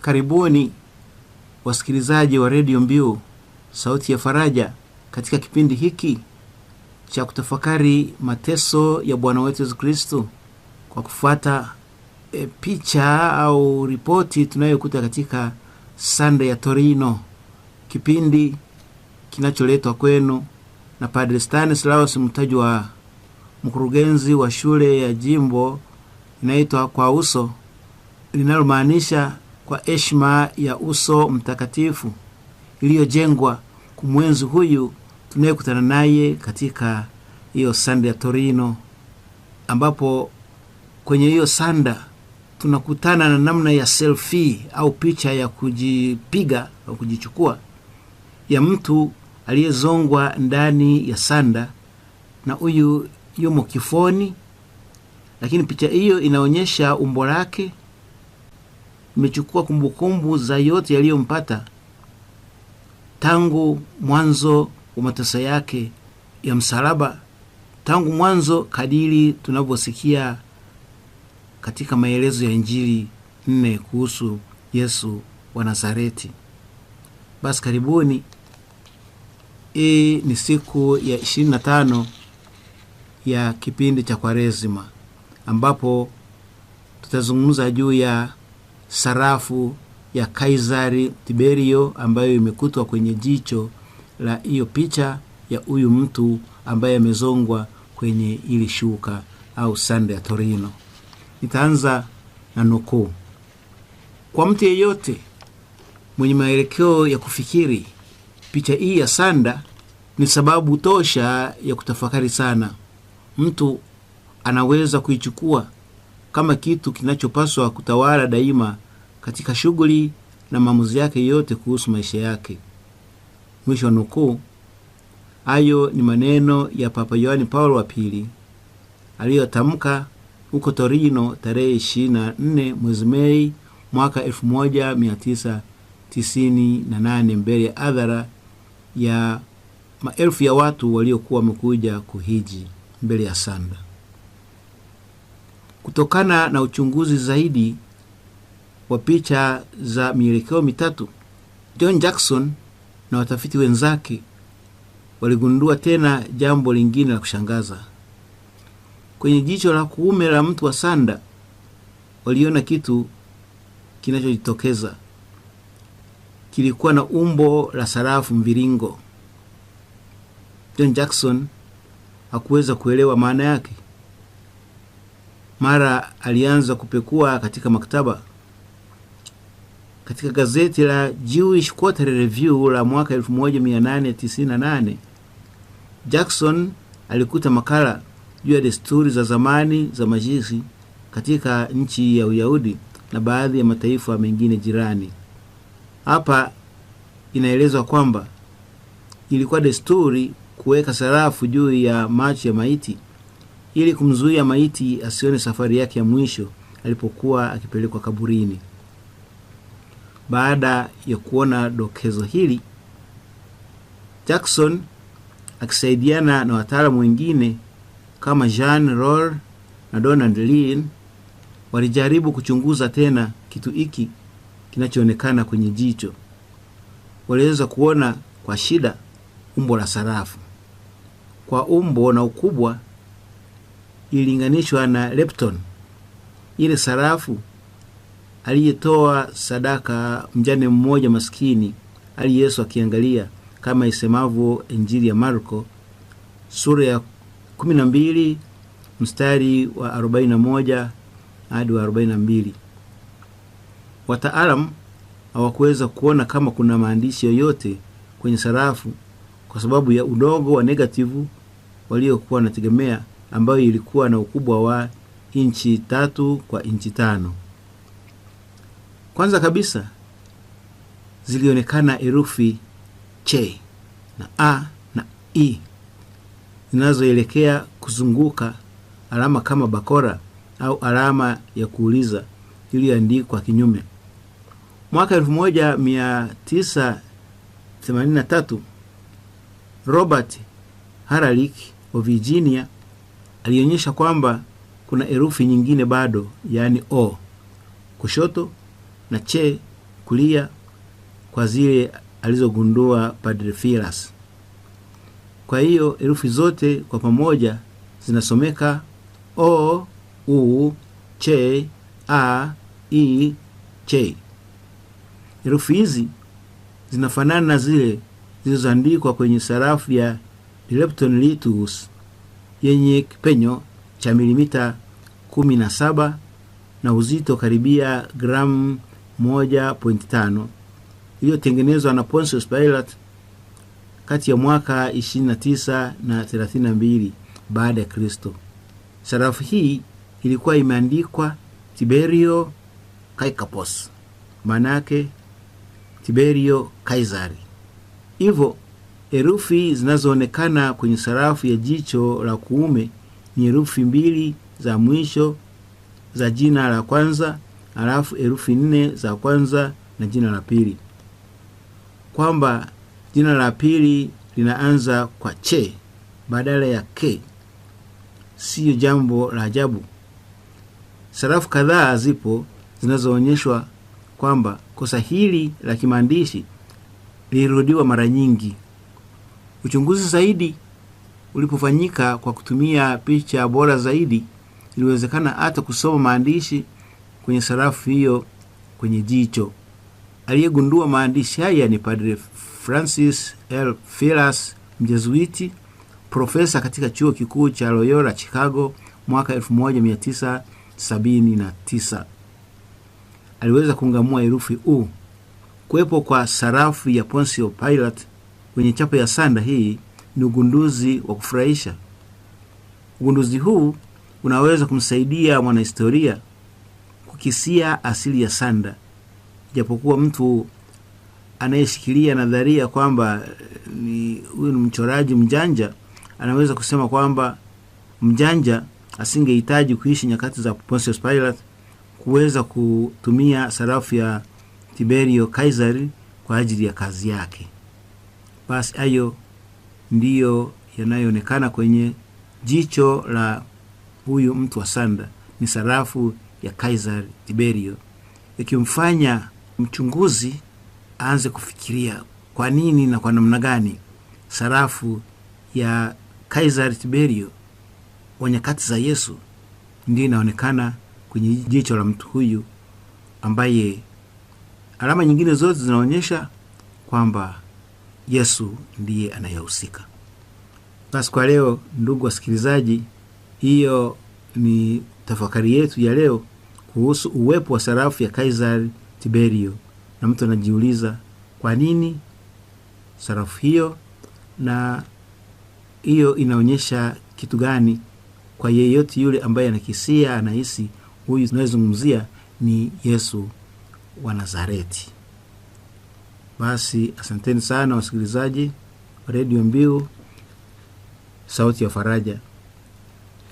Karibuni wasikilizaji wa redio Mbiu sauti ya faraja, katika kipindi hiki cha kutafakari mateso ya Bwana wetu Yesu Kristu kwa kufuata e, picha au ripoti tunayokuta katika sande ya Torino, kipindi kinacholetwa kwenu na Padre Stanislaus wa mkurugenzi wa shule ya jimbo inaitwa Kwa Uso, linalomaanisha kwa heshima ya uso mtakatifu iliyojengwa kumwenzi huyu tunayekutana naye katika hiyo sanda ya Torino, ambapo kwenye hiyo sanda tunakutana na namna ya selfie au picha ya kujipiga au kujichukua ya mtu aliyezongwa ndani ya sanda, na huyu yumo kifoni, lakini picha hiyo inaonyesha umbo lake mmechukua kumbukumbu za yote yaliyompata tangu mwanzo wa mateso yake ya msalaba, tangu mwanzo, kadiri tunavyosikia katika maelezo ya Injili nne kuhusu Yesu wa Nazareti. Basi karibuni. Hii ni siku ya 25 ya kipindi cha Kwaresima ambapo tutazungumza juu ya sarafu ya Kaisari Tiberio ambayo imekutwa kwenye jicho la hiyo picha ya huyu mtu ambaye amezongwa kwenye ili shuka au sanda ya Torino. Nitaanza na nukuu: kwa mtu yeyote mwenye maelekeo ya kufikiri, picha hii ya sanda ni sababu tosha ya kutafakari sana. Mtu anaweza kuichukua kama kitu kinachopaswa kutawala daima katika shughuli na maamuzi yake yote kuhusu maisha yake. Mwisho wa nukuu. Hayo ni maneno ya Papa Yohani Paulo wa pili aliyotamka huko Torino tarehe 24 mwezi Mei mwaka 1998 mbele ya adhara ya maelfu ya watu waliokuwa wamekuja kuhiji mbele ya sanda. Kutokana na uchunguzi zaidi wa picha za mielekeo mitatu, John Jackson na watafiti wenzake waligundua tena jambo lingine la kushangaza. Kwenye jicho la kuume la mtu wa sanda waliona kitu kinachojitokeza. Kilikuwa na umbo la sarafu mviringo. John Jackson hakuweza kuelewa maana yake. Mara alianza kupekua katika maktaba. Katika gazeti la Jewish Quarterly Review la mwaka 1898 Jackson alikuta makala juu ya desturi za zamani za majisi katika nchi ya Uyahudi na baadhi ya mataifa mengine jirani. Hapa inaelezwa kwamba ilikuwa desturi kuweka sarafu juu ya macho ya maiti ili kumzuia maiti asione safari yake ya mwisho alipokuwa akipelekwa kaburini. Baada ya kuona dokezo hili, Jackson akisaidiana na wataalamu wengine kama Jean Roll na Donald Lynn walijaribu kuchunguza tena kitu hiki kinachoonekana kwenye jicho. Waliweza kuona kwa shida umbo la sarafu kwa umbo na ukubwa ilinganishwa na lepton, ile sarafu aliyetoa sadaka mjane mmoja maskini, ali Yesu akiangalia, kama isemavyo Injili ya Marko sura ya 12 mstari wa 41 hadi wa 42. Wataalamu hawakuweza kuona kama kuna maandishi yoyote kwenye sarafu kwa sababu ya udogo wa negativu waliokuwa wanategemea ambayo ilikuwa na ukubwa wa inchi tatu kwa inchi tano. Kwanza kabisa zilionekana herufi c na a na i zinazoelekea kuzunguka alama kama bakora au alama ya kuuliza iliyoandikwa kinyume. Mwaka 1983 Robert Haralick wa Virginia alionyesha kwamba kuna herufi nyingine bado, yaani o kushoto na che kulia kwa zile alizogundua Padre Filas. Kwa hiyo herufi zote kwa pamoja zinasomeka o u che a i che. Herufi hizi zinafanana na zile zilizoandikwa kwenye sarafu ya Lepton Litus yenye kipenyo cha milimita 17 na uzito karibia gramu 1.5 iliyotengenezwa na Pontius Pilate kati ya mwaka 29 na 32 baada ya Kristo. Sarafu hii ilikuwa imeandikwa Tiberio Kaikapos, maana yake Tiberio Kaisari. Hivyo Herufi zinazoonekana kwenye sarafu ya jicho la kuume ni herufi mbili za mwisho za jina la kwanza halafu herufi nne za kwanza na jina la pili, kwamba jina la pili linaanza kwa che badala ya k Siyo jambo la ajabu. Sarafu kadhaa zipo zinazoonyeshwa kwamba kosa hili la kimaandishi lilirudiwa mara nyingi. Uchunguzi zaidi ulipofanyika kwa kutumia picha bora zaidi, iliwezekana hata kusoma maandishi kwenye sarafu hiyo kwenye jicho. Aliyegundua maandishi haya ni Padre Francis L. Filas, Mjezuiti, profesa katika chuo kikuu cha Loyola Chicago mwaka 1979. Aliweza kungamua herufi U. Kuwepo kwa sarafu ya Pontius Pilate kwenye chapa ya sanda hii ni ugunduzi wa kufurahisha. Ugunduzi huu unaweza kumsaidia mwanahistoria kukisia asili ya sanda, japokuwa mtu anayeshikilia nadharia kwamba eh, ni huyu ni mchoraji mjanja anaweza kusema kwamba mjanja asingehitaji kuishi nyakati za Pontius Pilate kuweza kutumia sarafu ya Tiberio Kaisari kwa ajili ya kazi yake basi hayo ndiyo yanayoonekana kwenye jicho la huyu mtu wa sanda, ni sarafu ya Kaisar Tiberio, ikimfanya mchunguzi aanze kufikiria kwa nini na kwa namna gani sarafu ya Kaisar Tiberio wa nyakati za Yesu ndiyo inaonekana kwenye jicho la mtu huyu ambaye alama nyingine zote zinaonyesha kwamba Yesu ndiye anayehusika. Basi kwa leo, ndugu wasikilizaji, hiyo ni tafakari yetu ya leo kuhusu uwepo wa sarafu ya Kaisari Tiberio, na mtu anajiuliza kwa nini sarafu hiyo, na hiyo inaonyesha kitu gani kwa yeyote yule ambaye anakisia, anahisi huyu unayezungumzia ni Yesu wa Nazareti. Basi asanteni sana wasikilizaji wa redio Mbiu sauti ya faraja,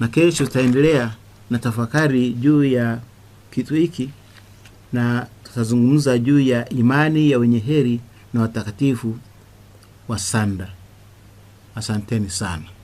na kesho tutaendelea na tafakari juu ya kitu hiki, na tutazungumza juu ya imani ya wenye heri na watakatifu wa sanda. Asanteni sana.